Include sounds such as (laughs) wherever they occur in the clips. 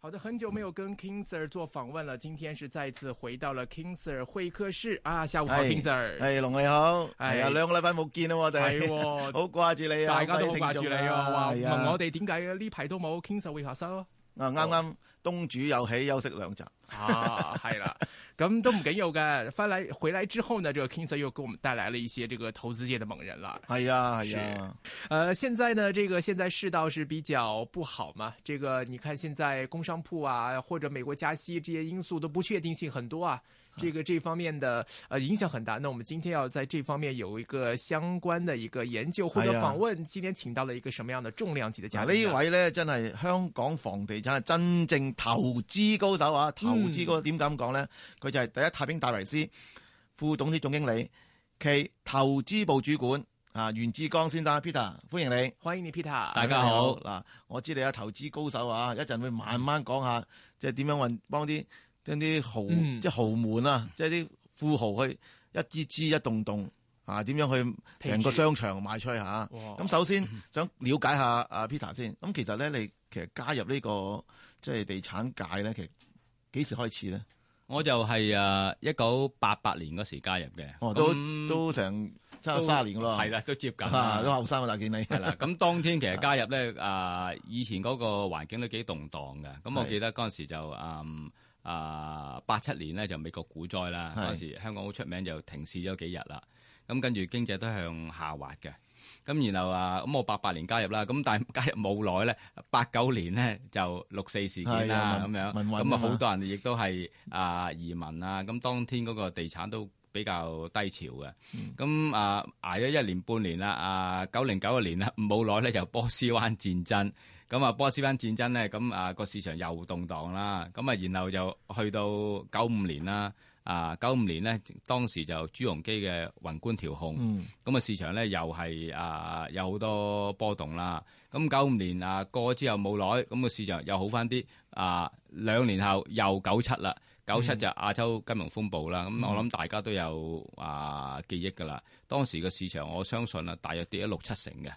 好的，很久沒有跟 King Sir 做訪問了，今天是再次回到了 King Sir 會客室啊。下午好，King Sir 哎，龍你 ster、哎、好，係啊、哎，兩個禮拜冇見啦，我哋、哎、呦 (laughs) 好掛住你啊，大家都好掛住你啊，話、啊、問我哋點解呢排都冇 King Sir 會客室啊，啱啱東主又起休息兩集， (laughs) 啊係啦，咁都唔緊要嘅。翻嚟回來之後呢，這個 King Sir 又給我們帶來了一些這個投資界的猛人啦。哎呀，是，呃現在呢，這個現在市道是比較不好嘛。這個你看現在工商鋪啊，或者美國加息這些因素都不確定性很多啊。這個這方面的，呃，影響很大。那我們今天要在這方面有一個相關的一個研究或者訪問，啊、今天請到了一個什麼樣的重量級的嘉賓，呢位呢真係香港房地產真，真正投資高手啊！投資高點解咁講呢？佢就係第一太平戴維斯副董事總經理，其投資部主管啊，袁志光先生 Peter，歡迎你，歡迎你 Peter，大家好。嗱，我知你係投資高手啊，一陣會慢慢講下，即係點樣運幫啲。一啲豪即、就是、豪門啊，即、就、啲、是、富豪去一支支一棟棟啊，點樣去成個商場賣出去吓，咁哇首先想了解一下阿 Peter 先。咁其實咧，你其實加入呢、這個即係、就是、地產界咧，其實幾時開始咧？我就係誒一九八八年嗰時加入嘅，都多都成差三十年噶咯，係啦、啊，都接近、啊、都後生啊大幾你係啦，咁當天其實加入咧，誒、 (laughs) 啊、以前嗰個環境都幾動蕩嘅。咁我記得嗰時時就誒。啊，八七、uh, 年咧就美國股災啦，當是時香港好出名就停市咗幾日啦。咁跟住經濟都向下滑嘅。咁然後啊，咁我八八年加入啦。咁但係加入冇耐咧，八九年咧就六四事件啦，咁樣咁啊，好樣多人亦都係啊、呃、移民啊。咁當天嗰個地產都比較低潮嘅。咁啊捱咗一年半年啦，啊九零九一年啦，冇耐咧就波斯灣戰爭。咁啊，波斯灣戰爭咧，咁啊個市場又動盪啦。咁啊，然後就去到九五年啦。啊，九五年咧，當時就朱鎔基嘅宏觀調控，咁啊、嗯、市場咧又係啊有好多波動啦。咁九五年啊過咗之後冇耐，咁個市場又好翻啲。啊，兩年後又九七啦，九七、嗯、就亞洲金融風暴啦。咁、嗯、我諗大家都有啊記憶㗎啦。當時個市場我相信啊，大約跌咗六七成嘅。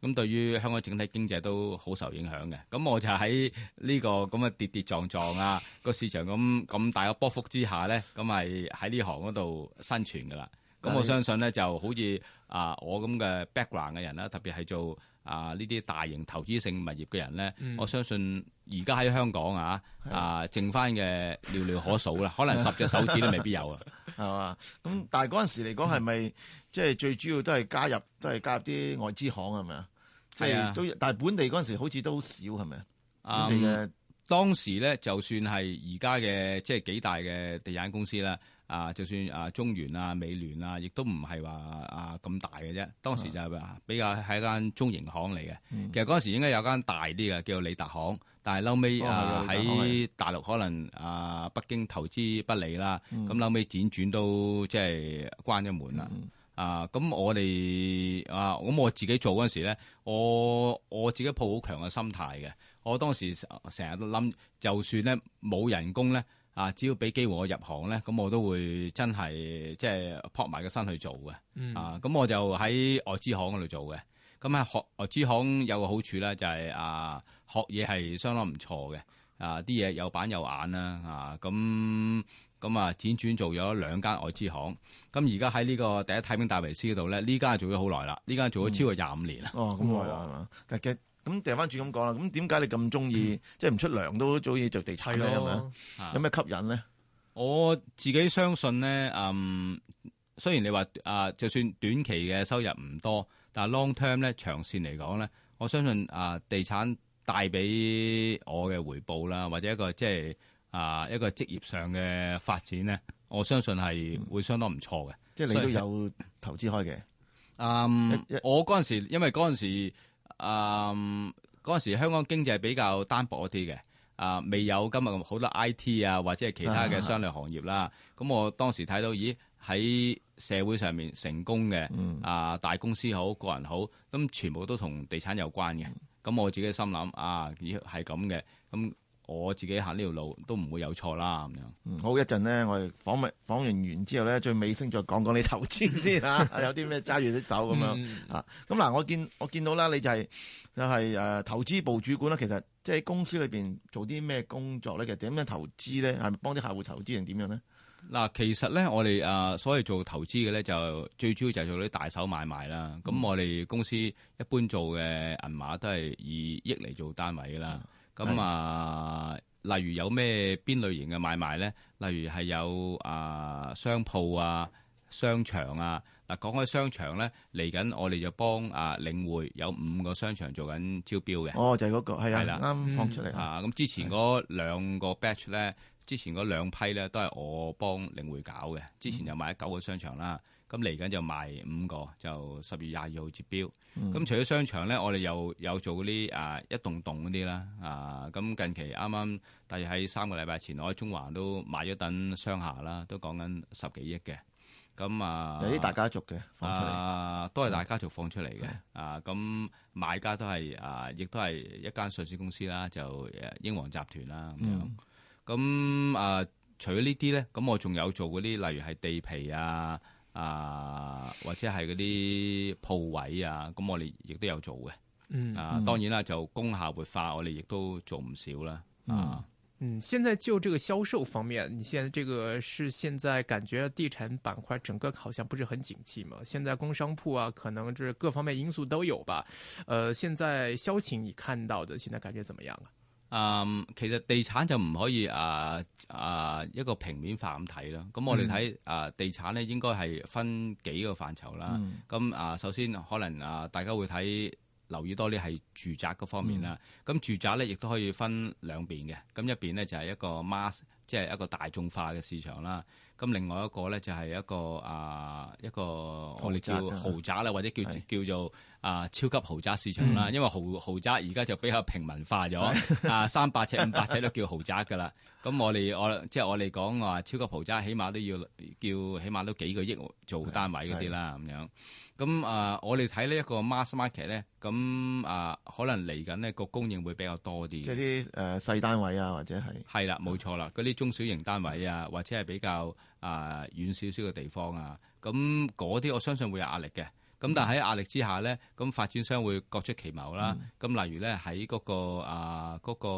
咁對於香港整體經濟都好受影響嘅，咁我就喺呢個咁嘅跌跌撞撞啊，個市場咁咁大嘅波幅之下呢，咁咪喺呢行嗰度生存㗎啦。咁我相信咧就好似啊我咁嘅 background 嘅人啦，特別係做啊呢啲大型投資性物業嘅人咧，嗯、我相信而家喺香港啊啊剩翻嘅寥寥可數啦， (laughs) 可能十隻手指都未必有啊，係嘛？咁但係嗰陣時嚟講係咪即係最主要都係加入都係加入啲外資行係咪、即係、啊？係啊，都但係本地嗰陣時好似都好少係咪啊？啊、嗯，當時咧就算係而家嘅即係幾大嘅地產公司啦。啊，就算啊中原啊美聯啊，亦都唔係話啊咁大嘅啫。當時就係話比較喺間中型行嚟嘅。嗯、其實嗰陣時應該有一間大啲嘅叫理達行，但係嬲尾啊喺大陸可能啊北京投資不利啦，咁嬲尾輾轉都即係、就是、關咗門啦、嗯啊。啊，咁我哋啊，咁我自己做嗰陣時咧，我我自己抱好強嘅心態嘅。我當時成日都諗，就算咧冇人工咧。啊！只要俾機會我入行咧，咁我都會真係即係撲埋個身去做嘅。嗯、啊！咁我就喺外資行嗰度做嘅。咁啊，學外資行有個好處咧，就係、是、啊學嘢係相當唔錯嘅。啊啲嘢有板有眼啦。啊咁咁啊，輾、啊、轉，轉做咗兩間外資行。咁而家喺呢個第一太平戴維斯嗰度咧，呢間、嗯、做咗好耐啦。呢間、嗯、做咗超過廿五年啦、嗯。哦，咁耐啦。係嘅、嗯。啊咁掉翻轉咁講啦，咁點解你咁中意即係唔出糧都中意做地產咧？哦、有咩吸引咧？我自己相信咧，嗯，雖然你話啊，就算短期嘅收入唔多，但係 long term 咧長線嚟講咧，我相信啊，地產帶俾我嘅回報啦，或者一個即係啊一個職業上嘅發展咧，我相信係會相當唔錯嘅、嗯，即係你都有投資開嘅。嗯，我嗰陣時，因為嗰陣時。誒，嗰陣、嗯、時香港經濟比較單薄一啲嘅，啊，未有今日咁好多 IT 啊，或者係其他嘅商業行業啦。咁、啊、我當時睇到，咦，喺社會上面成功嘅，啊，大公司好，個人好，咁全部都同地產有關嘅。咁我自己心諗，啊，咦，係咁嘅，咁我自己行呢條路都唔會有錯啦，咁樣、嗯。好，一陣咧，我哋訪問訪完完之後咧，最尾聲再講講你投資先嚇，有啲咩揸住啲手咁樣啊？咁嗱，我見我見到啦，你就係、是、就係、是、誒、啊、投資部主管啦。其實即係公司裏邊做啲咩工作咧？其實點樣投資咧？係咪幫啲客戶投資定點樣咧？嗱，其實咧，我哋誒所謂做投資嘅咧、就是，就最主要就係做啲大手買賣啦。咁、嗯、我哋公司一般做嘅銀碼都係以億嚟做單位嘅啦。嗯咁啊的例，例如有咩邊類型嘅買賣咧？例如係有啊商鋪啊、商場啊。嗱、啊，講開商場咧，嚟緊我哋就幫啊領匯有五個商場做緊招標嘅。哦，就係、是、嗰、那個，係啊，啱放出嚟。咁之前嗰兩個 batch 咧，的之前嗰兩批咧，都係我幫領匯搞嘅。之前就買咗九個商場啦。嗯咁嚟緊就賣五個，就十月廿二號截標。咁、嗯、除咗商場咧，我哋又有，有做啲啊一棟棟嗰啲啦。啊，咁、啊、近期啱啱，大約喺三個禮拜前，我喺中環都買咗等商廈啦，都講緊十幾億嘅。咁啊，有啲大家族嘅啊，都係大家族放出嚟嘅。嗯、啊，咁買家都係啊，亦都係一間上市公司啦，就英皇集團啦咁樣。咁啊，除咗呢啲咧，咁我仲有做嗰啲，例如係地皮啊。啊，或者係嗰啲鋪位啊，咁我哋亦都有做嘅。嗯，啊，當然啦，就工廈活化，我哋亦都做唔少啦。嗯、啊，嗯，現在就這個銷售方面，你現在這個是現在感覺地產板塊整個好像不是很景氣嘛？現在工商鋪啊，可能就各方面因素都有吧。呃，現在銷情你看到的，現在感覺怎麼樣啊？嗯，um, 其實地產就唔可以啊啊一個平面化咁睇咯。咁我哋睇、嗯、啊地產咧，應該係分幾個範疇啦。咁、嗯、啊，首先可能啊大家會睇留意多啲係住宅嗰方面啦。咁、嗯、住宅咧，亦都可以分兩邊嘅。咁一邊咧就係、是、一個 mass，即係一個大眾化嘅市場啦。咁另外一個咧就係、是、一個啊一個我哋叫豪宅啦，或者叫是叫做。啊，超級豪宅市場啦，嗯、因為豪豪宅而家就比較平民化咗。的啊，三百尺、五百尺都叫豪宅噶啦。咁 (laughs) 我哋我即係、就是、我哋講話超級豪宅，起碼都要叫起碼都幾個億做單位嗰啲啦。咁的樣，咁的啊，我哋睇呢一個 mass market 咧，咁啊，可能嚟緊呢個供應會比較多啲。即係啲誒細單位啊，或者係係啦，冇錯啦，嗰啲中小型單位啊，或者係比較啊遠少少嘅地方啊，咁嗰啲我相信會有壓力嘅。咁但喺壓力之下咧，咁發展商會各出奇謀啦。咁、嗯、例如咧喺嗰個啊嗰、嗰個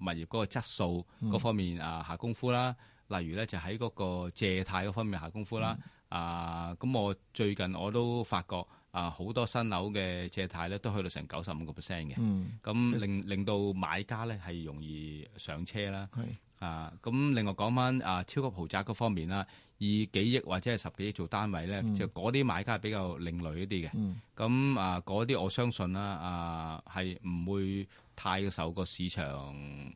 物業嗰個質素嗰方面啊下功夫啦。例如咧就喺嗰個借貸嗰方面下功夫啦。嗯、例如啊，咁我最近我都發覺啊，好多新樓嘅借貸咧都去到成九十五個 percent 嘅，咁、嗯、令令到買家咧係容易上車啦。啊，咁另外講翻啊，超級豪宅嗰方面啦，以幾億或者係十幾億做單位咧，嗯、就嗰啲買家係比較另類一啲嘅。咁、嗯、啊，嗰啲我相信啦，啊，係唔會太受個市場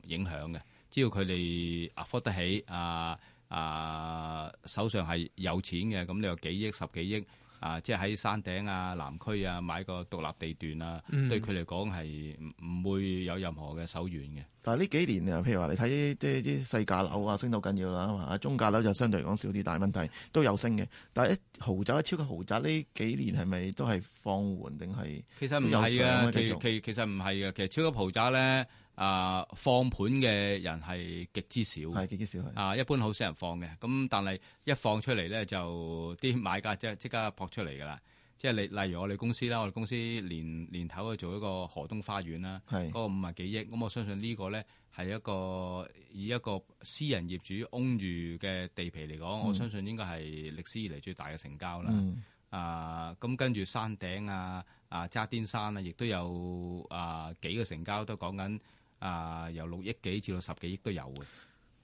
影響嘅。只要佢哋 afford 得起，啊啊，手上係有錢嘅，咁你有幾億、十幾億。啊，即係喺山頂啊、南區啊買個獨立地段啊，嗯、對佢嚟講係唔會有任何嘅手軟嘅。但係呢幾年，譬如話你睇啲啲細價樓啊，升到緊要啦，中價樓就相對嚟講少啲大問題，都有升嘅。但係一豪宅一超級豪宅呢幾年係咪都係放緩定係？其實唔係啊，其其實唔係啊。其實超級豪宅咧。啊，放盤嘅人係極，極之少，係極之少。啊，一般好少人放嘅，咁但係一放出嚟咧，就啲買家即即刻撲出嚟㗎啦。即係例例如我哋公司啦，我哋公司年年頭去做一個河東花園啦，嗰是個五十幾億，咁我相信呢個咧係一個以一個私人業主擁有嘅地皮嚟講，嗯、我相信應該係歷史以嚟最大嘅成交啦。嗯、啊，咁跟住山頂啊，啊渣甸山啊，亦都有啊幾個成交都講緊。啊，由六億幾至到十幾億都有嘅。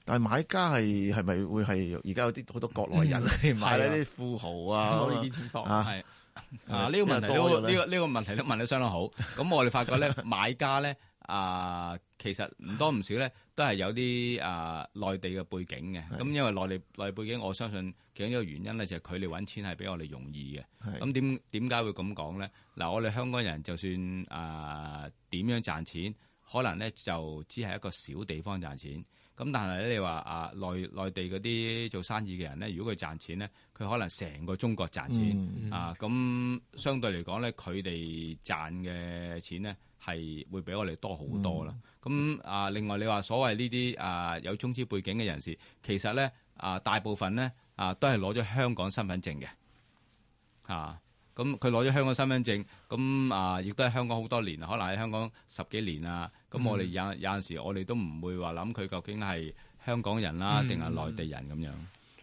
但係買家係係咪會係而家有啲好多國內人，嗯啊、買係啦啲富豪啊，冇呢啲情況係啊？呢、啊啊啊這個問題都呢、這個呢、這個問題都問得相當好。咁 (laughs) 我哋發覺咧，買家咧啊，其實唔多唔少咧，都係有啲啊內地嘅背景嘅。咁的因為內地內地背景，我相信其中一個原因咧就係佢哋揾錢係比我哋容易嘅。咁點點解會咁講咧？嗱、啊，我哋香港人就算啊，點樣賺錢？可能咧就只係一個小地方賺錢，咁但係咧你話啊內內地嗰啲做生意嘅人咧，如果佢賺錢咧，佢可能成個中國賺錢、嗯嗯、啊，咁相對嚟講咧，佢哋賺嘅錢咧係會比我哋多好多啦。咁、嗯、啊，另外你話所謂呢啲啊有中資背景嘅人士，其實咧啊大部分咧啊都係攞咗香港身份證嘅啊。咁佢攞咗香港身份證，咁啊，亦都喺香港好多年，可能喺香港十幾年啊。咁我哋有、嗯、有陣時，我哋都唔會話諗佢究竟係香港人啦，定係、嗯、內地人咁樣。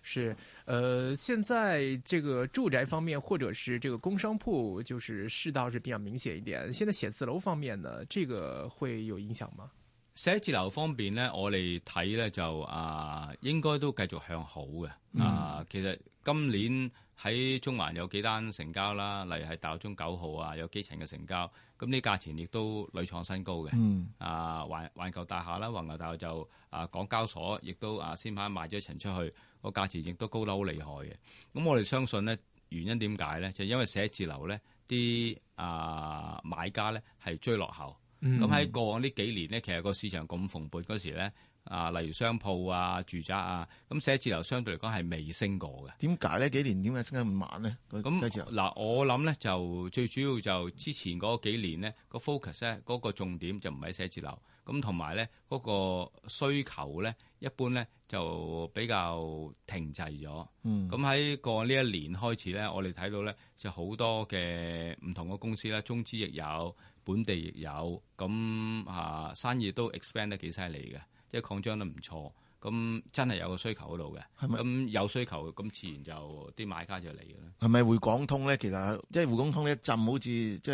是，呃，現在這個住宅方面，或者是這個工商鋪，就是市道是比較明顯一點。現在寫字樓方面呢，這個會有影響嗎？寫字樓方面呢，我哋睇呢，就啊、呃，應該都繼續向好嘅。啊、呃，其實今年。喺中環有幾單成交啦，例如係大學中九號啊，有幾層嘅成交，咁呢價錢亦都屢創新高嘅。嗯、啊，環環球大廈啦，環球大廈就啊港交所亦都啊先排賣咗一層出去，個價錢亦都高得好厲害嘅。咁我哋相信咧，原因點解咧？就是、因為寫字樓咧，啲啊買家咧係追落後。咁喺、嗯、過往呢幾年咧，其實個市場咁蓬勃嗰時咧。啊，例如商鋪啊、住宅啊，咁寫字樓相對嚟講係未升過嘅。點解呢幾年點解升得咁慢咧？咁嗱，我諗咧、呃、就最主要就之前嗰幾年咧個 focus 咧嗰個重點就唔係寫字樓咁，同埋咧嗰個需求咧一般咧就比較停滯咗。咁喺過呢一年開始咧，我哋睇到咧就好多嘅唔同嘅公司咧，中資亦有，本地亦有，咁啊生意都 expand 得幾犀利嘅。即係擴張得唔錯，咁真係有個需求喺度嘅。咁有需求，咁自然就啲買家就嚟嘅。係咪匯港通咧？其實即係匯港通一浸，好似即係即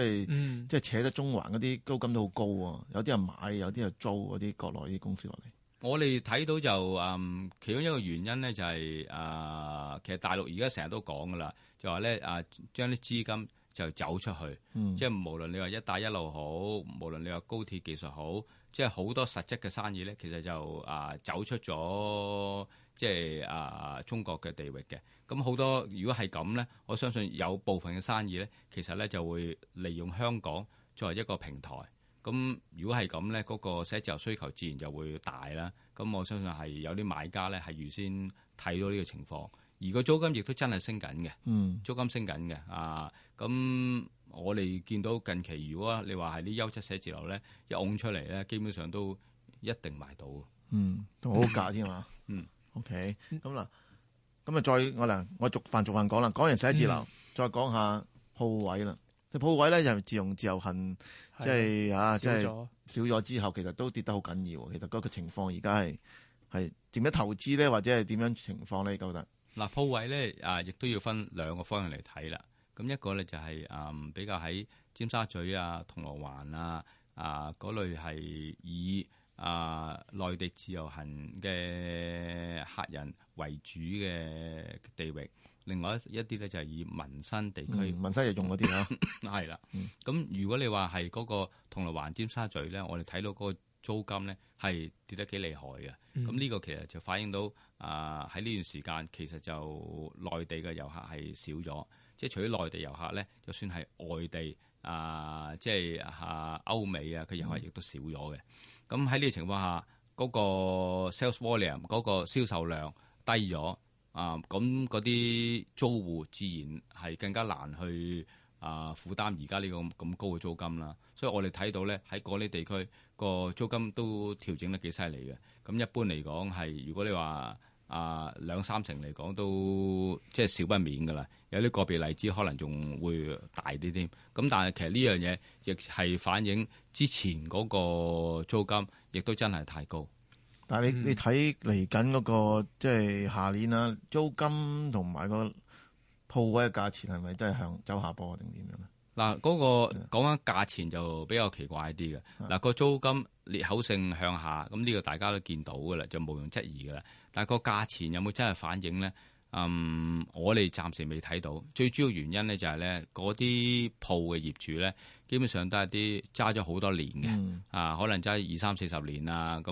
係、嗯、扯得中環嗰啲租金都好高喎、啊。有啲人買，有啲人租嗰啲國內啲公司落嚟。我哋睇到就、嗯、其中一個原因咧就係、是呃、其實大陸而家成日都講㗎喇，就話咧、啊、將啲資金就走出去，嗯、即係無論你話一帶一路好，無論你話高鐵技術好。即係好多實質嘅生意咧，其實就啊走出咗即係啊中國嘅地域嘅。咁好多如果係咁咧，我相信有部分嘅生意咧，其實咧就會利用香港作為一個平台。咁如果係咁咧，嗰個寫字樓需求自然就會大啦。咁我相信係有啲買家咧係預先睇到呢個情況，而個租金亦都真係升緊嘅。嗯，租金升緊嘅啊咁。我哋見到近期，如果你話係啲優質寫字樓咧，一㧬出嚟咧，基本上都一定賣到。嗯，好價添嘛？嗯，嗯，OK，咁、嗯、嗱，咁啊、嗯、再我嗱，我逐份逐份講啦。講完寫字樓，嗯、再講下鋪位啦。啲鋪位咧又自從自由行即係是啊，了即係少咗之後，其實都跌得好緊要。其實嗰個情況而家係係點樣投資咧，或者係點樣情況咧？你覺得？嗱，鋪位咧啊，亦都要分兩個方向嚟睇啦。咁一個咧就係比較喺尖沙咀啊、銅鑼灣啊，啊嗰類係以啊內地自由行嘅客人為主嘅地域。另外一啲咧就係以民生地區、嗯、民生日用嗰啲咯，係啦。咁、 (coughs) 嗯、如果你話係嗰個銅鑼灣、尖沙咀咧，我哋睇到嗰個租金咧係跌得幾厲害嘅。咁呢、嗯、個其實就反映到啊喺呢段時間其實就內地嘅遊客係少咗。即係除咗內地遊客咧，就算係外地、呃、係啊，即係啊歐美啊，佢遊客亦都少咗嘅。咁喺呢個情況下，嗰、嗰個 sales volume 嗰個銷售量低咗啊，咁嗰啲租戶自然係更加難去啊負擔而家呢個咁高嘅租金啦。所以我哋睇到咧喺嗰啲地區個租金都調整得幾犀利嘅。咁一般嚟講係，如果你話，啊，兩三成嚟講都即係少不免噶啦。有啲個別例子可能仲會大啲添。咁但係其實呢樣嘢亦係反映之前嗰個租金亦都真係太高。嗯、但係你你睇嚟緊嗰個即係下年啊，租金同埋個鋪位嘅價錢係咪真係向走下坡定點樣？嗱，嗰、嗰個講返的價錢就比較奇怪啲嘅嗱，的個租金裂口性向下咁呢個大家都見到噶啦，就無庸質疑噶啦。但個價錢有冇真係反映咧？嗯，我哋暫時未睇到。最主要原因咧就係咧，嗰啲鋪嘅業主咧，基本上都係啲揸咗好多年嘅，嗯、啊，可能揸二三四十年啊。咁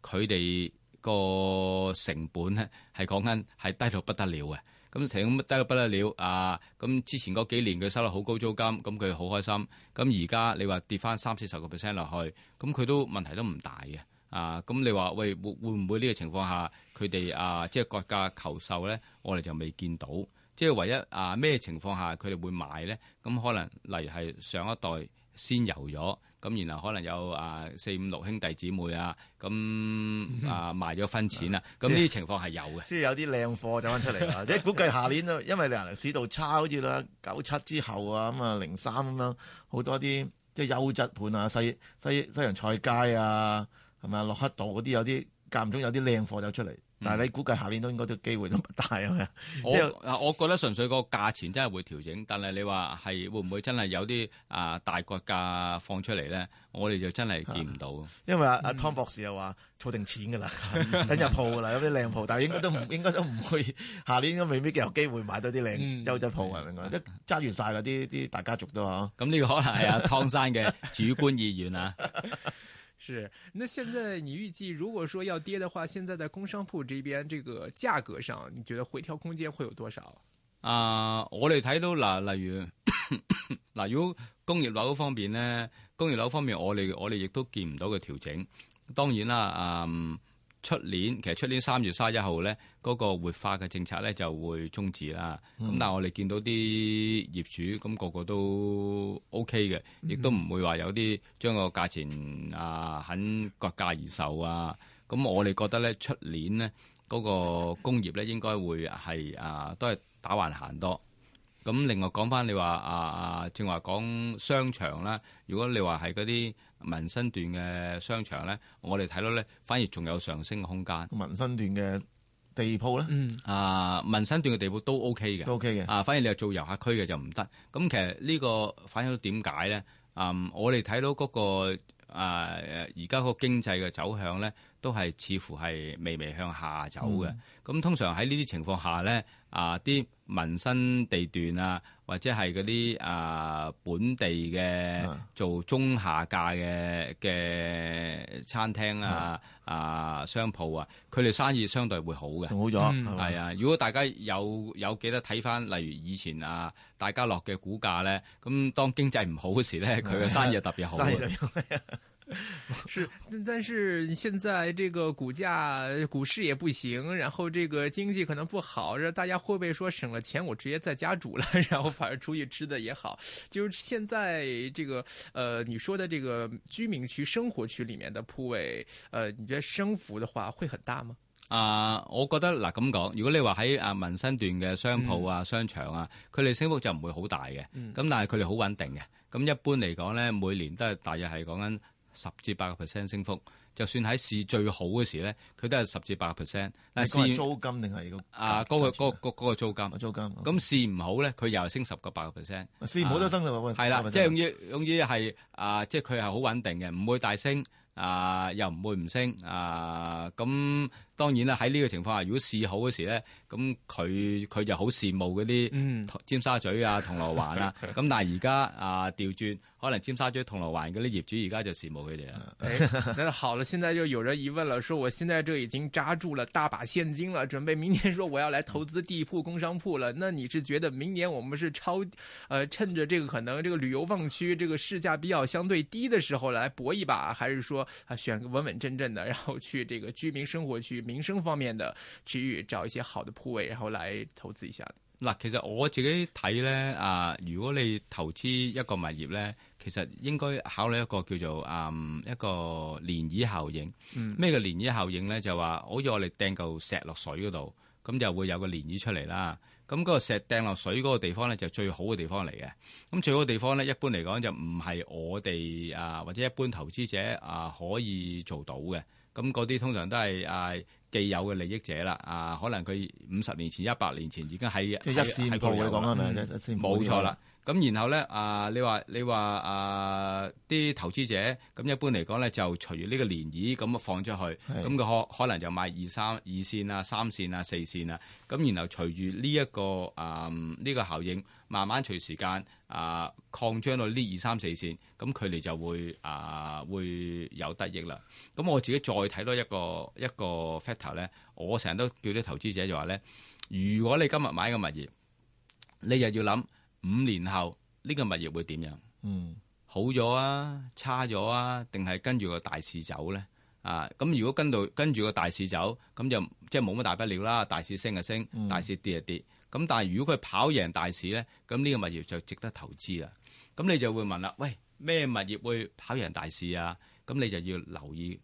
佢哋個成本咧係講緊係低到不得了嘅。咁成低到不得了啊！咁之前嗰幾年佢收得好高租金，咁佢好開心。咁而家你話跌翻三四十個 percent 落去，咁佢都問題都唔大嘅。啊！咁你話喂，會會唔會呢個情況下佢哋啊，即係割價求售咧？我哋就未見到，即係唯一啊，咩情況下佢哋會買咧？咁可能例如係上一代先遊咗，咁然後可能有啊四五六兄弟姊妹啊，咁啊賣咗分錢啦。咁呢啲情況係有嘅，即係有啲靚貨走翻出嚟。即係 (laughs) 估計下年因為你市道差，好似啦九七之後啊，咁啊零三咁樣好多啲即係優質盤啊，西西西洋菜街啊。係咪啊？駱克道嗰啲有啲間唔中有啲靚貨走出嚟，但係你估計下年都應該啲機會都唔大啊？我啊，我覺得純粹個價錢真係會調整，但係你話係會唔會真係有啲啊大國價放出嚟咧？我哋就真係見唔到。因為阿阿湯博士又話儲定錢噶啦，等入鋪噶啦，有啲靚鋪，但係應該都唔應該都唔會下年應該未必有機會買到啲靚優質鋪，明唔明啊？一揸完晒嗰啲啲大家族都咁呢個可能係阿湯生嘅主觀意願啊。是，那現在你預計如果說要跌的話，現在在工商鋪這邊這個價格上，你覺得回調空間會有多少？啊、呃，我哋睇到嗱，例如嗱、呃，如果工業樓方面呢，工業樓方面我哋我哋亦都見唔到嘅調整，當然啦，嗯、呃。出年其實出年三月三十一號咧，嗰、嗰個活化嘅政策咧就會終止啦。咁、嗯、但係我哋見到啲業主咁、嗰個個都 OK 嘅，亦都唔會話有啲將個價錢啊肯割價而售啊。咁我哋覺得咧出年咧嗰、嗰個工業咧應該會係啊都係打橫行多。咁另外講翻，你話啊啊，正話講商場啦。如果你話係嗰啲民生段嘅商場咧，我哋睇到咧，反而仲有上升嘅空間，民、嗯呃。民生段嘅地鋪咧，嗯啊，民生段嘅地鋪都 O K 嘅，都 O K 嘅啊。反而你係做遊客區嘅就唔得。咁其實呢個反映到點解咧？啊、呃，我哋睇到嗰、嗰個而家嗰個經濟嘅走向咧。都係似乎係微微向下走嘅，咁、嗯、通常喺呢啲情況下咧，啊、呃、啲民生地段啊，或者係嗰啲啊本地嘅做中下價嘅嘅餐廳啊、啊商鋪啊，佢哋生意相對會好嘅，仲好咗，係啊、嗯吧！如果大家有有記得睇翻，例如以前啊大家樂嘅股價咧，咁當經濟唔好嘅時咧，佢嘅生意特別好。 (laughs) 是，但是現在這個股價、股市也不行，然後這個經濟可能不好，大家會不會說省了錢，我直接在家煮了，然後反而出去吃的也好？就是現在這個，呃，你說的這個居民區、生活區裏面的鋪位，呃，你覺得升幅的話會很大嗎？啊、呃，我覺得，嗱，咁講，如果你話喺啊民生段嘅商鋪啊、嗯、商場啊，佢哋升幅就唔會好大嘅，咁、嗯、但係佢哋好穩定嘅，咁一般嚟講呢，每年都係大約係講緊。十至八個 percent 升幅，就算喺市最好嘅時咧，佢都係十至八個 percent。但係市是租金定係個啊？嗰、嗰個個、嗰個租金？啊、租金。咁市唔好咧，佢又升十個八個 percent。市唔好都升啊嘛？係啦，即係用之總之係啊，即係佢係好穩、就是啊就是、定嘅，唔會大升啊，又唔會唔升啊。咁當然啦，喺呢個情況下，如果市好嗰時咧，咁佢佢就好羨慕嗰啲尖沙咀啊、銅鑼灣啊。咁 (laughs) 但係而家啊調轉。可能尖沙咀、銅鑼灣嗰啲業主而家就羨慕佢哋，嗯 (laughs) 哎，好了，現在就有人疑問了說我現在就已經揸住了大把現金了，準備明年說我要來投資地鋪、工商鋪了。那你是覺得明年我們是抄，呃，趁着這個可能這個旅遊旺區，這個市價比較相對低的時候來搏一把，還是說選個穩穩陣陣的，然後去這個居民生活區、民生方面的區域找一些好的鋪位，然後來投資一下？嗱，其實我自己睇呢，啊，呃，如果你投資一個物業呢。其實應該考慮一個叫做誒、嗯、一個漣漪效應。咩叫漣漪效應咧？就話好似我哋掟嚿石落水嗰度，咁就會有個漣漪出嚟啦。咁、那、嗰個石掟落水嗰個地方咧，就最好嘅地方嚟嘅。咁最好嘅地方咧，一般嚟講就唔係我哋啊，或者一般投資者啊可以做到嘅。咁嗰啲通常都係啊既有嘅利益者啦。啊，可能佢五十年前、一百年前已經喺即係一線鋪嚟講啊，係咪先？冇錯啦。咁然後咧，啊，你話你話啊，啲投資者咁一般嚟講咧，就隨住呢個漣漪咁放出去，咁佢可可能就買二三二線啊、三線啊、四線啊。咁然後隨住呢一個啊，呢個效應慢慢隨時間啊擴張到呢二三四線，咁佢哋就會啊會有得益啦。咁我自己再睇多一個一個 factor 咧，我成日都叫啲投資者就話咧，如果你今日買嘅物業，你又要諗。五年後呢個物業會點樣？嗯，好咗啊，差咗啊，定係跟住個大市走咧？啊，咁如果跟到跟住個大市走，咁就即係冇乜大不了啦。大市升就升，大市跌就跌。咁但係如果佢跑贏大市咧，咁呢個物業就值得投資啦。咁你就會問啦，喂，咩物業會跑贏大市啊？咁你就要留意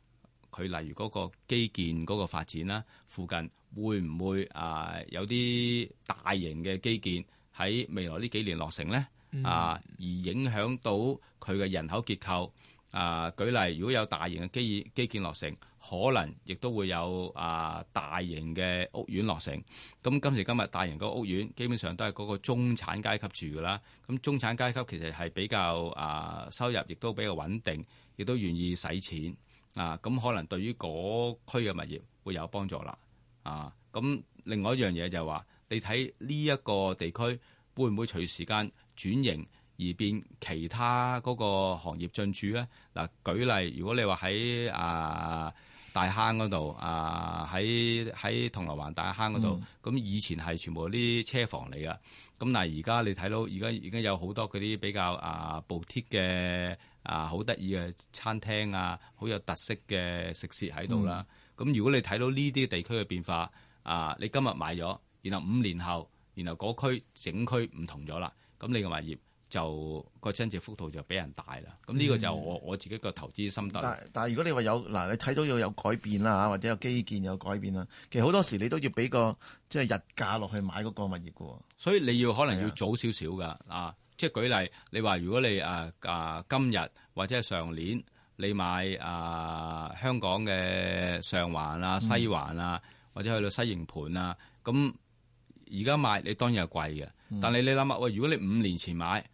佢，例如嗰個基建嗰個發展啦，附近會唔會啊有啲大型嘅基建？喺未來呢幾年落成呢，啊，而影響到佢嘅人口結構。啊，舉例，如果有大型嘅基建基建落成，可能亦都會有啊大型嘅屋苑落成。咁今時今日，大型嘅屋苑基本上都係嗰個中產階級住㗎喇。咁中產階級其實係比較啊收入，亦都比較穩定，亦都願意使錢。啊，咁可能對於嗰區嘅物業會有幫助啦。啊，咁另外一樣嘢就係話。你睇呢一個地區會唔會隨時間轉型而變其他嗰個行業進駐咧？嗱，舉例，如果你話喺啊大坑嗰度啊，喺喺銅鑼灣大坑嗰度，咁、嗯、以前係全部啲車房嚟噶，咁但係而家你睇到而家已經有好多嗰啲比較啊，Boutique 嘅啊，好得意嘅餐廳啊，好有特色嘅食肆喺度啦。咁、嗯、如果你睇到呢啲地區嘅變化啊，你今日買咗。然後五年後，然後嗰區整區唔同咗啦，咁你個物業就個增值幅度就比人大啦。咁呢個就是我、嗯、我自己個投資心得但。但係，如果你話有嗱，你睇到有有改變啦或者有基建有改變啦，其實好多時你都要俾個即係日價落去買嗰個物業嘅。所以你要可能要早少少㗎啊！即係舉例，你話如果你誒誒、啊啊、今日或者係上年你買誒、啊、香港嘅上環啊、西環啊，嗯、或者去到西營盤啊，咁、嗯。而家買你當然係貴嘅，但你諗下，喂，如果你五年前買，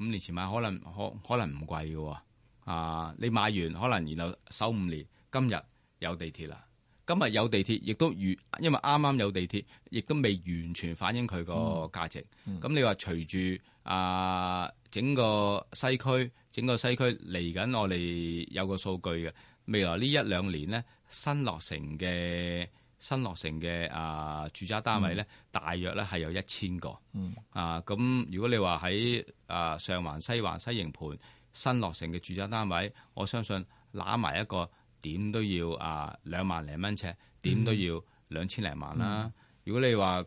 五年前買可能可可能唔貴嘅，啊，你買完可能然後守五年，今日有地鐵啦，今日有地鐵，亦都如因為啱啱有地鐵，亦都未完全反映佢個價值。咁、嗯、你話隨住啊整個西區，整個西區嚟緊，我哋有個數據嘅未來呢一兩年咧，新落成嘅。新落成嘅啊住宅單位呢，大約咧係有一千個、嗯、啊。咁如果你話喺啊上環、西環、西營盤新落成嘅住宅單位，我相信揦埋一個點都要啊兩萬零蚊尺，點都要兩千零萬啦、嗯如如。如果你話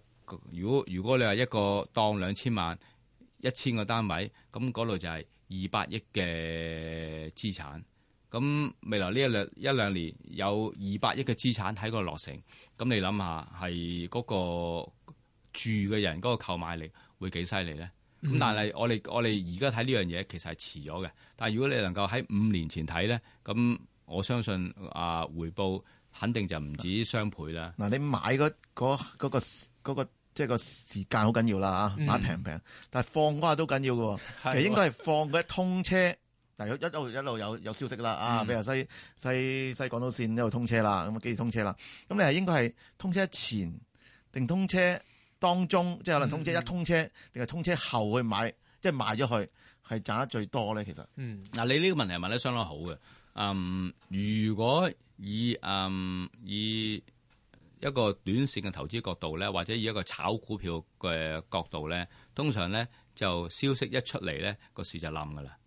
如果如果你話一個當兩千萬一千個單位，咁嗰度就係二百億嘅資產。咁未來呢一兩一兩年有二百億嘅資產喺個落成，咁你諗下係嗰個住嘅人嗰、嗰個購買力會幾犀利咧？咁、嗯、但係我哋我哋而家睇呢樣嘢其實係遲咗嘅。但係如果你能夠喺五年前睇咧，咁我相信啊回報肯定就唔止雙倍啦。嗱，你買嗰、嗰個嗰、嗰個即係個時間好緊要啦啊，買平平，嗯、但係放嗰下都緊要㗎喎。其實應該係放嗰一 (laughs) 通車。但一路一路有有消息啦，啊，比如西西西港島綫一路通車啦，咁啊，幾時通車啦？咁你係應該係通車前定通車當中，即係可能通車一通車定係通車後去買，即係賣咗去係賺得最多咧？其實，嗯，嗱，你呢個問題問得相當好嘅。嗯，如果以嗯以一個短線嘅投資角度咧，或者以一個炒股票嘅角度咧，通常咧就消息一出嚟咧，個市就冧噶啦。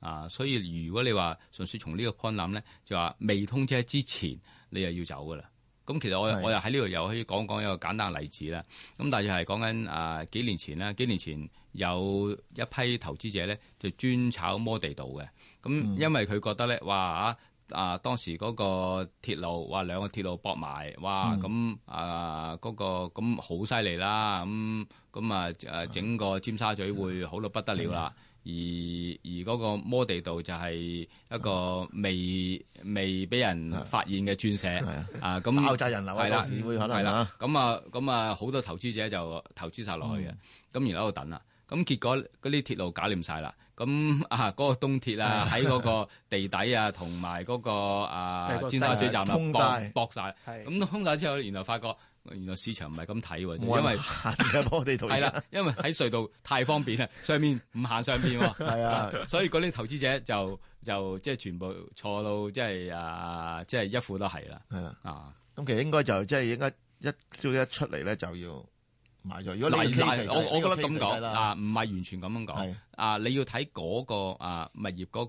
啊，所以如果你話純粹從呢個 point 諗咧，就話未通車之前你又要走噶啦。咁其實我是我又喺呢度又可以講講一個簡單例子啦。咁但係係講緊啊幾年前啦，幾年前有一批投資者咧就專炒摩地道嘅。咁因為佢覺得咧，嗯、哇啊啊當時嗰個鐵路哇兩個鐵路駁埋，哇咁、嗯、啊嗰、嗰個咁好犀利啦。咁咁啊整個尖沙咀會好到不得了啦。的而而嗰個摩地道就係一個未未俾人發現嘅鑽石的啊，咁爆炸人流，係啦了，咁啊咁啊，好多投資者就投資晒落去嘅，咁而喺度等啦。咁結果嗰啲鐵路搞掂晒啦，咁、那個、啊嗰個東鐵啊喺嗰個地底啊同埋嗰個啊尖沙咀站啊，駁駁晒，咁通晒了的之後，原來發覺。原來市場唔係咁睇喎，因為地圖係啦，因為喺隧道太方便啦，上面唔行上邊，係啊，所以嗰啲投資者就就即係全部錯到即係啊，即係一副都係啦，係啦啊，咁其實應該就即係應該一消息一出嚟咧就要買咗。如果我我覺得咁講啊，唔係完全咁樣講啊，你要睇嗰個啊物業嗰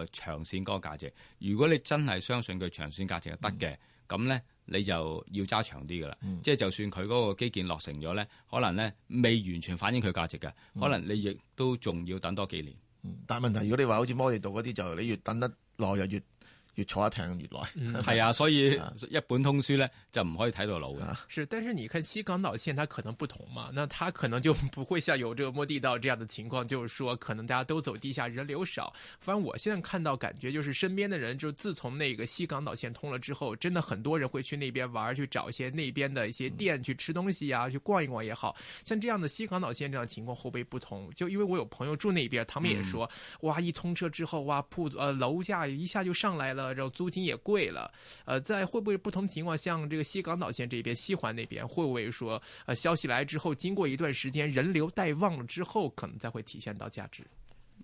個長線嗰個價值。如果你真係相信佢長線價值係得嘅，咁咧。你就要揸長啲㗎啦，即係、嗯、就算佢嗰個基建落成咗咧，可能咧未完全反映佢價值嘅，嗯、可能你亦都仲要等多幾年。嗯、但係問題，如果你話好似摩利道嗰啲，就你越等得耐就越。越坐一停越耐，係、嗯、 (laughs) 啊，所以一本通書呢，就唔可以睇到老嘅。是，但是你看西港島綫，它可能不同嘛，那它可能就不會像有這個麼地道這樣的情況，就是說可能大家都走地下，人流少。反正我現在看到感覺，就是身邊的人就自從那個西港島綫通了之後，真的很多人會去那邊玩，去找些那邊的一些店，嗯、去吃東西啊，去逛一逛也好。像這樣的西港島綫這樣情況會不會不同？就因為我有朋友住那邊，他們也說，嗯、哇，一通車之後，哇鋪，呃樓價一下就上來了。然後租金也貴了，呃，在會不會不同情況，像這個西港島線這邊，西環那邊，會不會說，呃，消息來之後，經過一段時間人流帶旺了之後，可能才會體現到價值？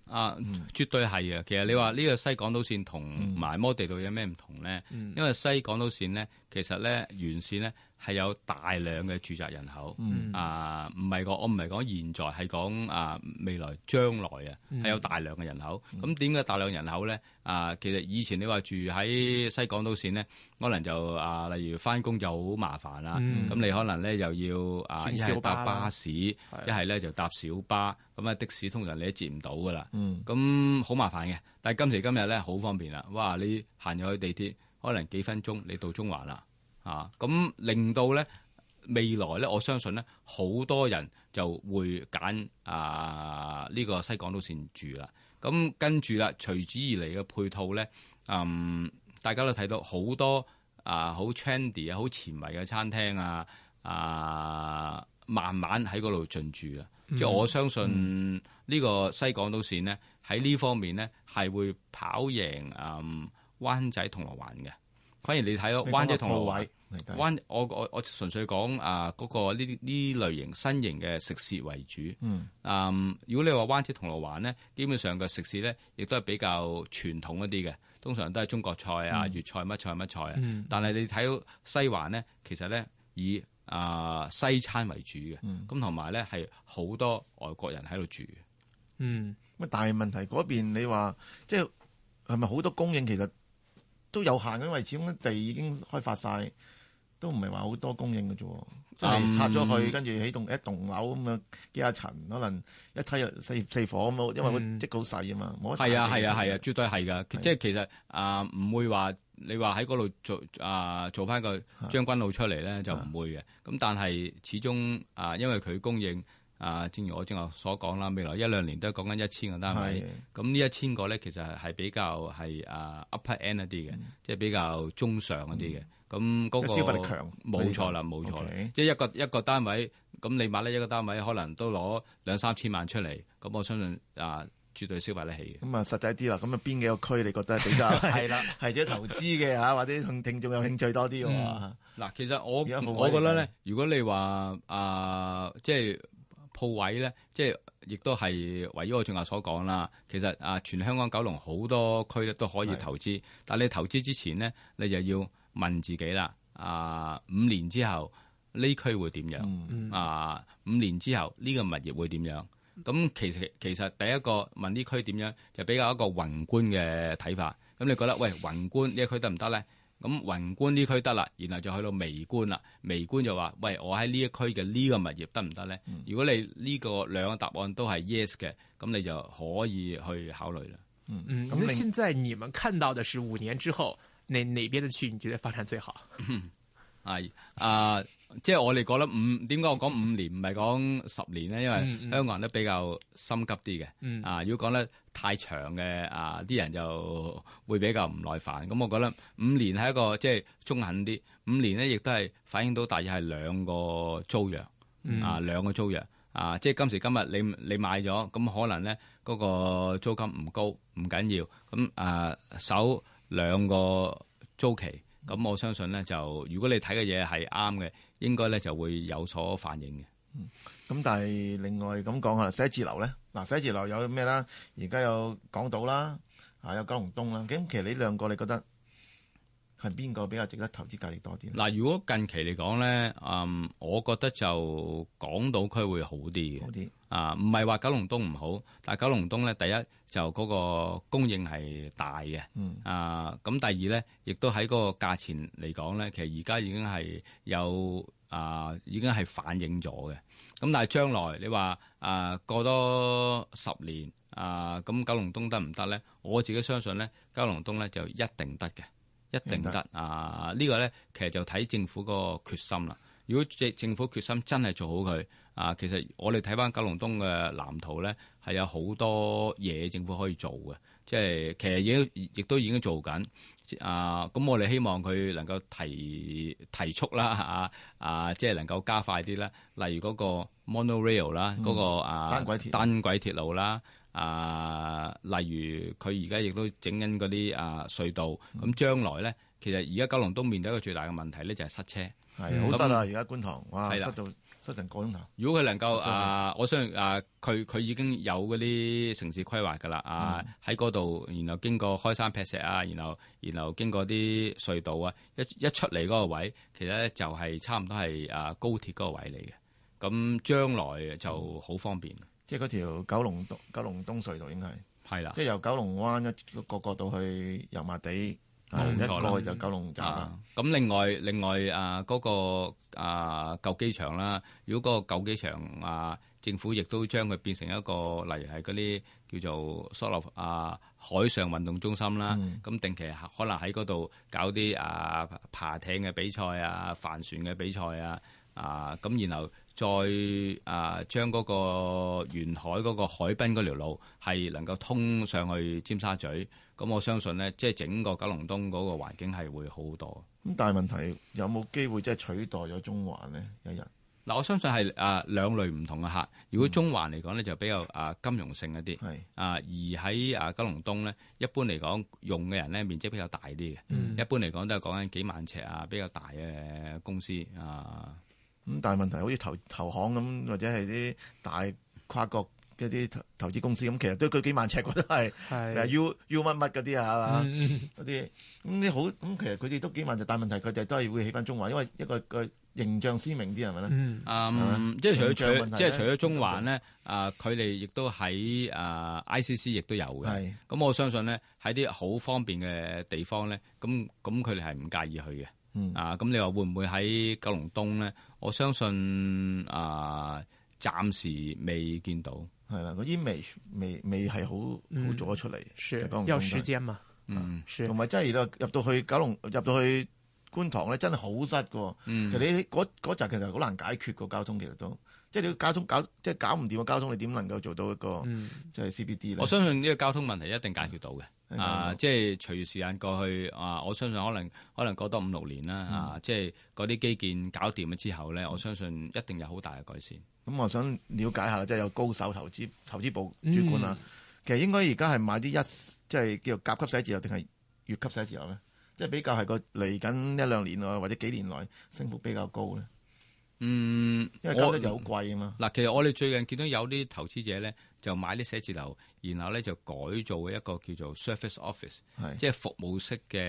啊，絕對係啊！其實你話呢個西港島線同埋摩地道有咩唔同呢？嗯，因為西港島線呢，其實咧，沿線咧係有大量嘅住宅人口。嗯、啊，唔係講，我唔係講現在，係講啊未來將來啊，係有大量嘅人口。咁點解大量人口咧？啊，其實以前你話住喺西港島線咧，可能就啊，例如翻工就好麻煩啦。咁、嗯、你可能咧又要啊，一係搭巴士，一係咧就搭小巴。咁啊，的士通常你都接唔到噶啦。咁好、嗯、麻煩嘅。但係今時今日咧，好方便啦。哇，你行咗去地鐵，可能幾分鐘你到中環啦。啊，咁令到咧未來咧，我相信咧，好多人就會揀啊呢、這個西港島線住啦。咁、啊、跟住啦，隨之而嚟嘅配套咧，嗯，大家都睇到好多啊好 trendy 啊，好前衛嘅餐廳啊，啊，慢慢喺嗰度進駐啊。嗯、即係我相信呢、嗯、個西港島線咧，喺呢方面咧係會跑贏啊灣、嗯、仔銅鑼灣嘅。反而你睇到灣仔銅鑼灣。灣，我我我純粹講啊，嗰個呢呢類型新型嘅食肆為主。嗯，如果你話灣仔銅鑼灣咧,基本上嘅食肆咧，亦都係比較傳統一啲嘅，通常都係中國菜啊、粵菜乜菜乜菜啊。嗯、但係你睇到西環咧，其實咧以啊西餐為主嘅，咁同埋咧係好多外國人喺度住。嗯，咁但係問題嗰邊你話即係係咪好多供應其實都有限嘅？因為始終地已經開發晒，都唔係話好多供應嘅啫，啊拆咗佢，跟住起棟一棟樓咁樣幾下層，可能一梯四四房咁，因為個積好細啊嘛。係啊係啊係啊，絕對係噶，即係其實啊唔會話你話喺嗰度做啊做翻個將軍澳出嚟咧就唔會嘅。咁但係始終啊，因為佢供應啊，正如我正話所講啦，未來一兩年都係講緊一千個單位。咁呢一千個咧，其實係比較係啊 upper end 一啲嘅，即係比較中上一啲嘅。咁嗰個消費力強，冇錯啦，冇錯 okay。即一個一個單位，咁你買呢一個單位，可能都攞兩三千萬出嚟，咁我相信啊，絕對消費得起嘅。咁啊，實際啲啦，咁啊，邊幾個區你覺得比較？係啦 (laughs) 了，係者投資嘅、 (laughs) 啊、或者同聽眾有興趣多啲喎。嗱、嗯，其實我我覺得咧，如果你話啊，即係鋪位咧，即係亦都係圍繞我正話所講啦。其實啊，全香港九龍好多區咧都可以投資，的但係你投資之前咧，你就要。問自己啦，啊、呃，五年之後呢區會點樣？啊、嗯呃，五年之後呢、這個物業會點樣？咁其實其實第一個問呢區點樣，就比較一個宏觀嘅睇法。咁你覺得喂，宏觀呢區得唔得咧？咁、嗯、宏觀呢區得啦，然後就去到微觀啦。微觀就話喂，我喺呢一區嘅呢個物業得唔得咧？嗯、如果你呢個兩個答案都係 yes 嘅，咁你就可以去考慮啦。嗯，咁、嗯。那明現在你們看到嘅是五年之後。你哪邊的區域發展最好？啊啊、嗯呃，即係我哋覺得五、點解我講五年，唔係講十年咧，因為香港人都比較心急啲嘅、嗯啊。啊，如果講得太長嘅，啊，啲人就會比較唔耐煩。咁、嗯嗯嗯、我覺得五年係一個即係中肯啲，五年咧亦都係反映到大約係兩個租約啊，兩個租約啊，即係今時今日你你買咗咁可能咧嗰、那個租金唔高唔緊要咁啊，首。兩個租期，咁我相信咧就，如果你睇嘅嘢係啱嘅，應該咧就會有所反映嘅。咁、嗯、但係另外咁講下，寫字樓咧，嗱寫字樓有咩啦？而家有港島啦，啊有九龍東啦。咁其實呢兩個你覺得係邊個比較值得投資價值多啲？嗱，如果近期嚟講咧，我覺得就港島區會好啲嘅。好啲啊，唔係話九龍東唔好，但係九龍東咧，第一就嗰個供應係大嘅，嗯、啊，咁第二咧，亦都喺嗰個價錢嚟講咧，其實而家已經係有啊，已經係反映咗嘅。咁但係將來你話啊，過多十年啊，咁九龍東得唔得咧？我自己相信咧，九龍東咧就一定得嘅，一定得、嗯、啊！這個、呢個咧其實就睇政府個決心啦。如果政政府決心真係做好佢。啊，其實我哋睇翻九龍東嘅藍圖咧，係有好多嘢政府可以做嘅，即係其實已經亦都已經做緊。啊，咁我哋希望佢能夠提提速啦，啊，即係能夠加快啲啦。例如嗰個 monorail 啦，嗰、嗯、個啊單軌鐵，單軌鐵路啦，啊，例如佢而家亦都整緊嗰啲啊隧道。咁、嗯啊、將來咧，其實而家九龍東面對一個最大嘅問題咧，就係塞車，係好塞啊！而家觀塘，哇，成個鐘頭，如果佢能夠啊，我相信啊，佢佢已經有嗰啲城市規劃㗎啦，啊喺嗰度，然後經過開山劈石啊，然後然後經過啲隧道啊，一一出嚟嗰個位，其實咧就係差唔多係啊高鐵嗰個位嚟嘅，咁將來就好方便，嗯。即係嗰條九龍九龍東隧道應該係係啦，的即係由九龍灣一個角度去油麻地。冇錯就九龍站啦。咁另外另外啊，嗰個啊舊機場啦，如果個舊機場啊，政府亦都將佢變成一個，例如係嗰啲叫做 sort of 啊海上運動中心啦。咁定期可能喺嗰度搞啲啊爬艇嘅比賽啊、帆船嘅比賽啊。啊咁，然後再啊將嗰個沿海嗰個海濱嗰條路係能夠通上去尖沙咀。咁我相信咧，即係整個九龍東嗰個環境係會好多。咁但係問題有冇機會即係取代咗中環咧？有人嗱，我相信係啊兩類唔同嘅客。如果中環嚟講咧，就比較啊金融性一啲。係啊，而喺啊九龍東咧，一般嚟講用嘅人咧，面積比較大啲嘅。嗯，一般嚟講都係講緊幾萬尺啊，比較大嘅公司啊。咁但係問題，好似投投行咁，或者係啲大跨國。一啲投投資公司咁，其實都佢幾萬尺是，佢都係誒，U U 乜乜嗰啲啊，嗰啲咁啲好咁。其實佢哋都幾萬，但大問題佢哋都係會起翻中環，因為一個一個形象鮮明啲，係咪咧？是是嗯、即係除咗即係除咗中環咧，啊、嗯，佢哋亦都喺啊、呃、I C C 亦都有嘅。咁是我相信咧，喺啲好方便嘅地方咧，咁咁佢哋係唔介意去嘅。嗯、啊，咁你話會唔會喺九龍東咧？我相信啊、呃，暫時未見到。係啦，依、那個、未未未係好好做得出嚟，有時間嘛。嗯，同埋真係入到去九龍，入到去觀塘咧，真係好塞噶。嗯、其實你嗰嗰陣其實好難解決個交、交通，其實都即係你交通搞即係搞唔掂嘅交通，你點能夠做到一個？即、嗯、就係 C B D 咧。我相信呢個交通問題一定解決到嘅。的啊，即係隨住時間過去啊，我相信可能可能過多五六年啦。嗯、啊，即係嗰啲基建搞掂咗之後咧，我相信一定有好大嘅改善。咁、嗯、我想了解下，即、就、係、是、有高手投資投資部主管啦。嗯、其實應該而家係買啲一,一，即、就、係、是、叫甲級洗字樓定係乙級洗字樓咧？即、就、係、是、比較係個嚟緊一兩年內或者幾年內升幅比較高咧、嗯。嗯，因為甲得就好貴啊嘛。嗱，其實我哋最近見到有啲投資者咧。就買啲寫字樓，然後咧就改造一個叫做 service office，即係服務式嘅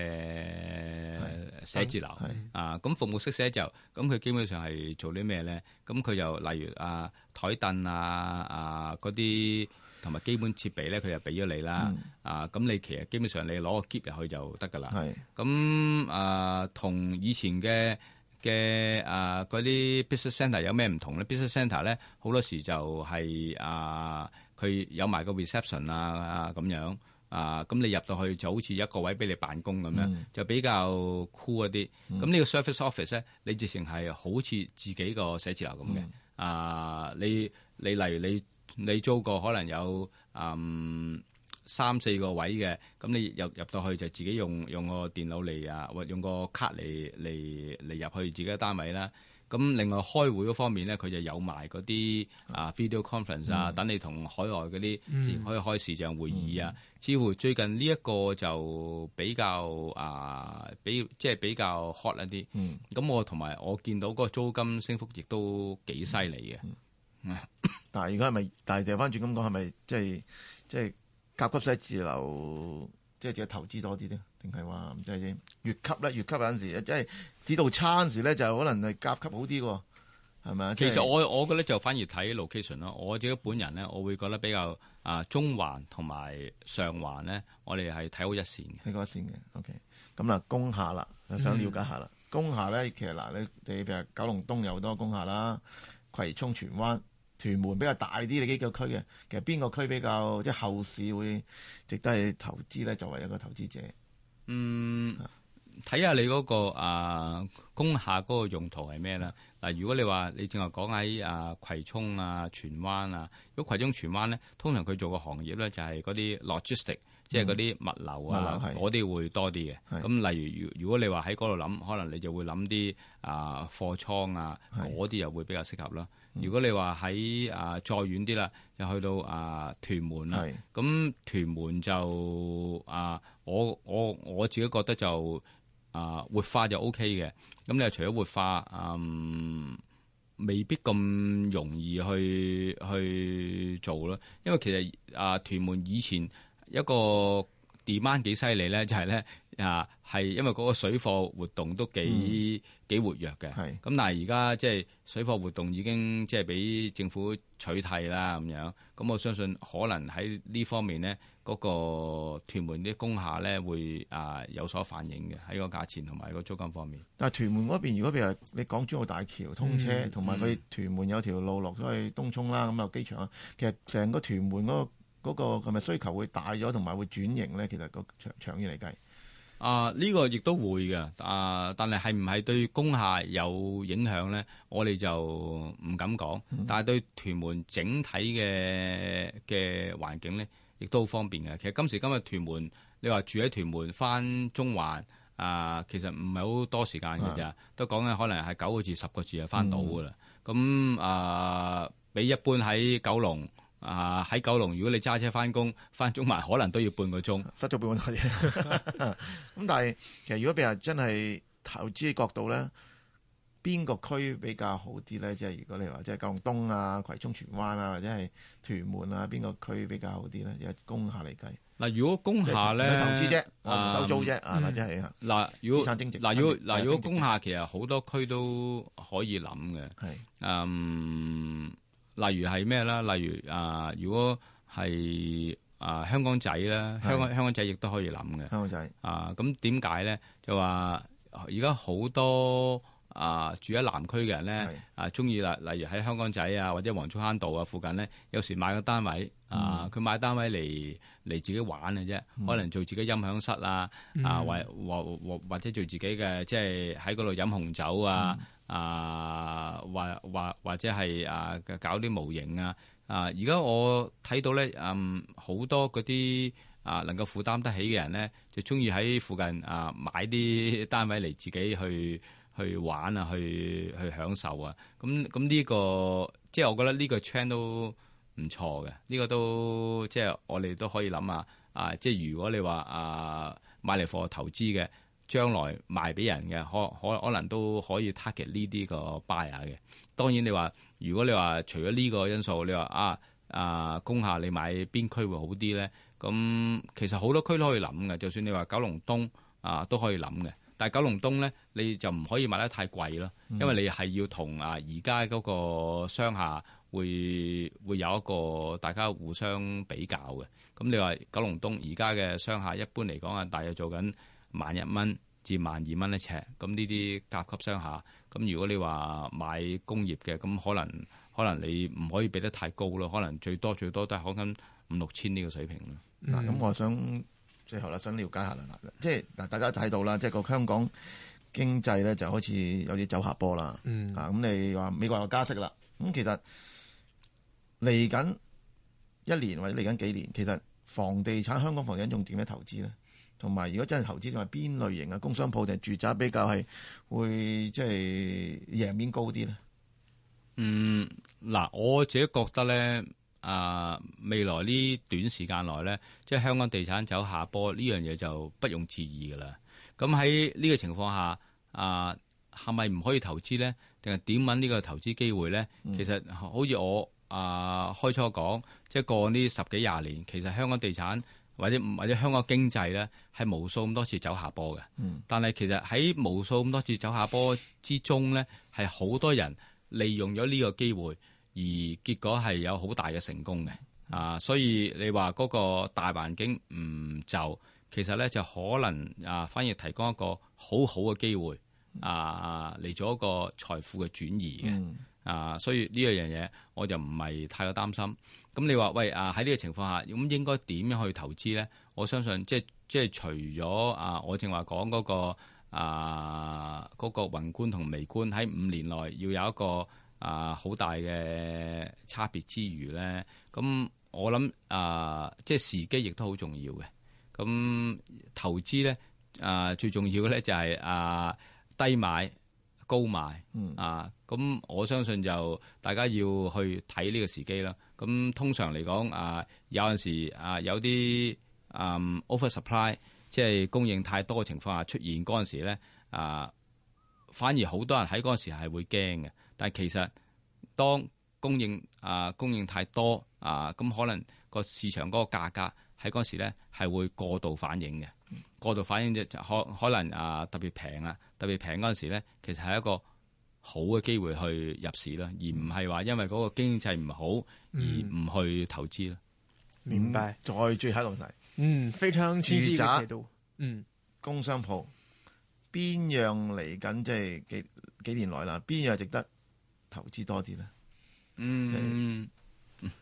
寫字樓。啊，咁服務式寫字樓，咁佢基本上係做啲咩咧？咁佢就例如啊，台凳啊，啊嗰啲同埋基本設備咧，佢就俾咗你啦。嗯、啊，咁你其實基本上你攞個 key 入去就得㗎啦。咁是啊，同以前嘅嘅啊啲 business center 有咩唔同咧，啊？business centre 咧好多時就係、是、啊～佢有埋個 reception 啊咁樣啊，咁、啊、你入到去就好似一個位俾你辦公咁樣，嗯、就比較 cool 一啲。咁、嗯、呢個 service office 咧，你直情係好似自己個寫字樓咁嘅。嗯、啊，你你例如你你租個可能有嗯三四個位嘅，咁你入入到去就自己用用個電腦嚟啊，或用個卡嚟嚟嚟入去自己嘅單位啦。咁另外開會嗰方面咧，佢就有埋嗰啲啊 video conference 啊，嗯、等你同海外嗰啲可以開視像會議啊。似、嗯嗯、乎最近呢一個就比較啊，比即係、就是、比較 hot 一啲。咁、嗯、我同埋我見到個個租金升幅亦都幾犀利嘅。但係如果係咪？但係掉翻轉咁講係咪？即係即係甲級寫字樓，即係只係投資多啲咧？定係話唔知係越級咧，越級有陣時，即係至到餐時咧，就可能係甲級好啲嘅，係咪啊？其實我我覺得就反而睇 location 咯。我自己本人咧，我會覺得比較啊中環同埋上環咧，我哋係睇好一線，睇好一線嘅。O K. 咁啦，工廈啦，想了解下啦。工、嗯、廈咧，其實嗱，你你譬如說九龍東有好多工廈啦，葵涌、荃灣、屯門比較大啲嘅幾個區嘅。其實邊個區比較，即係後市會值得係投資咧？作為一個投資者。嗯，睇下你嗰、那個啊，工廈嗰個用途係咩啦？嗱，如果你話你正話講喺啊葵涌啊荃灣啊，如果葵涌荃灣咧，通常佢做嘅行業咧就係嗰啲 logistic，、嗯、即係嗰啲物流啊，嗰啲會多啲嘅。咁的例如，如如果你話喺嗰度諗，可能你就會諗啲啊貨倉啊，嗰啲又會比較適合啦。的如果你話喺啊再遠啲、呃、啦，又去到啊屯門啊，咁屯門就啊。呃我我我自己覺得就啊活化就 O K 嘅，咁你除咗活化，嗯，未必咁容易去去做咯。因為其實啊，屯門以前一個 demand 幾犀利咧，就係咧啊，係因為嗰個水貨活動都幾、嗯、幾活躍嘅。係是。咁但係而家即係水貨活動已經即係俾政府取替啦，咁樣。咁我相信可能喺呢方面咧。嗰個屯門啲工廈咧，會啊有所反映嘅喺個價錢同埋個租金方面。但係屯門嗰邊，如果譬如你港珠澳大橋通車，同埋佢屯門有條路落咗去東涌啦，咁啊機場啊，其實成個屯門嗰嗰個係咪需求會大咗，同埋會轉型咧？其實個長長遠嚟計啊，呢個亦都會嘅啊，但係係唔係對工廈有影響咧？我哋就唔敢講，嗯、但係對屯門整體嘅嘅環境咧。亦都好方便嘅，其實今時今日屯門，你話住喺屯門返中環啊、呃，其實唔係好多時間嘅啫，的都講緊可能係九個字十個字就返到噶啦。咁啊、嗯呃，比一般喺九龍啊喺九龍，呃、九龍如果你揸車返工返中環，可能都要半個鐘，失咗半個多字。咁但係其實如果比如真係投資角度咧。邊個區比較好啲咧？即係如果你話即係九龍東啊、葵涌、荃灣啊，或者係屯門啊，邊個區比較好啲咧？有工廈嚟計嗱，如果工廈咧，投資啫，收租啫啊，或者係嗱，如果嗱，如果嗱，如果工廈，其實好多區都可以諗嘅。係是嗯，例如係咩啦？例如啊、呃，如果係啊是，香港仔咧，香港香港仔亦都可以諗嘅。香港仔啊，咁點解咧？就話而家好多。啊，住喺南區嘅人咧，的啊，中意啦。例如喺香港仔啊，或者黃竹坑道啊附近咧，有時買個單位、嗯、啊，佢買單位嚟嚟自己玩嘅啫。嗯、可能做自己嘅音響室啊，嗯、啊，或或或或者做自己嘅，即係喺嗰度飲紅酒啊，啊，或或或者係啊，搞啲模型啊。啊，而家我睇到咧，嗯，好多嗰啲啊，能夠負擔得起嘅人咧，就中意喺附近啊買啲單位嚟自己去去玩啊，去去享受啊，咁咁呢個即係我覺得呢個 channel 都唔錯嘅，呢個都即係我哋都可以諗下。啊，即係如果你話啊買嚟貨投資嘅，將來賣俾人嘅，可可可能都可以 target 呢啲個 buyer 嘅。當然你話如果你話除咗呢個因素，你話啊啊工廈你買邊區會好啲咧？咁其實好多區都可以諗嘅，就算你話九龍東啊都可以諗嘅。但係九龍東咧，你就唔可以賣得太貴咯，因為你係要同啊而家嗰個商廈會會有一個大家互相比較嘅。咁你話九龍東而家嘅商廈一般嚟講啊，大約做緊萬一蚊至萬二蚊一尺。咁呢啲甲級商廈，咁如果你話買工業嘅，咁可能可能你唔可以俾得太高咯，可能最多最多都係講緊五六千呢個水平啦。嗱、嗯，咁我想。最後啦，想了解下啦，即係嗱，大家睇到啦，即係個香港經濟咧就開始有啲走下坡啦。嗯，啊，咁你話美國有加息啦，咁其實嚟緊一年或者嚟緊幾年，其實房地產香港房地產仲點樣投資咧？同埋如果真係投資，仲係邊類型嘅工商鋪定係住宅比較係會即係贏面高啲咧？嗯，嗱，我自己覺得咧。啊，未來呢短時間內咧，即係香港地產走下坡呢樣嘢就不容置疑噶啦。咁喺呢個情況下，啊係咪唔可以投資咧？定係點揾呢個投資機會咧？嗯、其實好似我啊開初講，即係過呢十幾廿年，其實香港地產或者或者香港經濟咧係無數咁多次走下坡嘅。嗯、但係其實喺無數咁多次走下坡之中咧，係好多人利用咗呢個機會。而結果係有好大嘅成功嘅，啊，所以你話嗰個大環境唔就，其實咧就可能啊，反而提供一個好好嘅機會啊，嚟做一個財富嘅轉移嘅，啊，所以呢一樣嘢我就唔係太過擔心。咁你話喂啊，喺呢個情況下，咁應該點樣去投資咧？我相信即係即係除咗啊，我正話講嗰個啊嗰個宏觀同微觀喺五年內要有一個。啊，好大嘅差別之餘咧，咁我諗啊，即係時機亦都好重要嘅。咁投資咧啊，最重要嘅咧就係、是、啊低買高買、嗯、啊。咁我相信就大家要去睇呢個時機啦。咁通常嚟講啊，有陣時啊，有啲啊 over supply，即係供應太多嘅情況下出現嗰陣時咧啊，反而好多人喺嗰陣時係會驚嘅。但係其實當供應啊供應太多啊，咁、啊、可能個市場嗰個價格喺嗰時咧係會過度反應嘅。嗯、過度反應就係、可可能啊特別平啦，特別平嗰時咧其實係一個好嘅機會去入市啦，而唔係話因為嗰個經濟唔好而唔去投資啦。嗯、明白。再最後一題。嗯，非常尖銳住宅、嗯，工商鋪邊樣嚟緊？即係幾，幾年來啦，邊樣值得？投資多啲啦，嗯，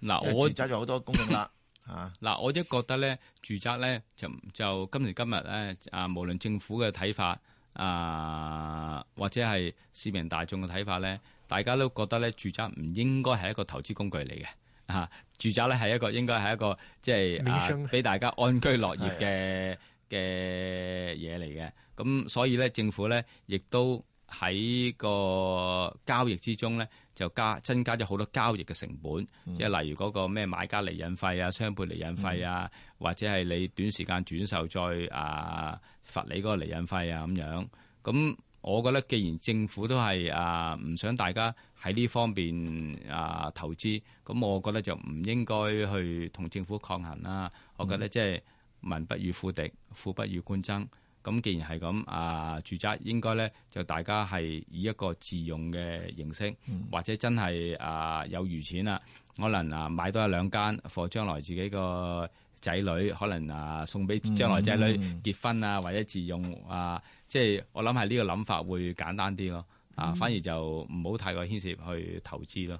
嗱，我住宅就好多供應啦，吓我，嗱、 (laughs) 啊，我一覺得咧，住宅咧就就今時今日咧，啊，無論政府嘅睇法啊，或者係市民大眾嘅睇法咧，大家都覺得咧，住宅唔應該係一個投資工具嚟嘅，吓、啊，住宅咧係一個應該係一個即係俾大家安居樂業嘅嘅嘢嚟嘅，咁的所以咧，政府咧亦都。喺個交易之中咧，就加增加咗好多交易嘅成本，即係、嗯、例如嗰個咩買家釐印費啊、雙倍釐印費啊，嗯、或者係你短時間轉售再啊罰你嗰個釐印費啊咁樣。咁我覺得既然政府都係啊唔想大家喺呢方面啊投資，咁我覺得就唔應該去同政府抗衡啦。嗯、我覺得即係民不與富敵，富不與官爭。咁既然係咁啊，住宅應該咧就大家係以一個自用嘅形式，嗯、或者真係啊、呃、有餘錢啦，可能啊買多一兩間，或將來自己個仔女可能啊送俾將來仔女結婚啊，嗯、或者自用啊，即、呃、係、就是、我諗係呢個諗法會簡單啲咯，啊、呃嗯、反而就唔好太過牽涉去投資咯。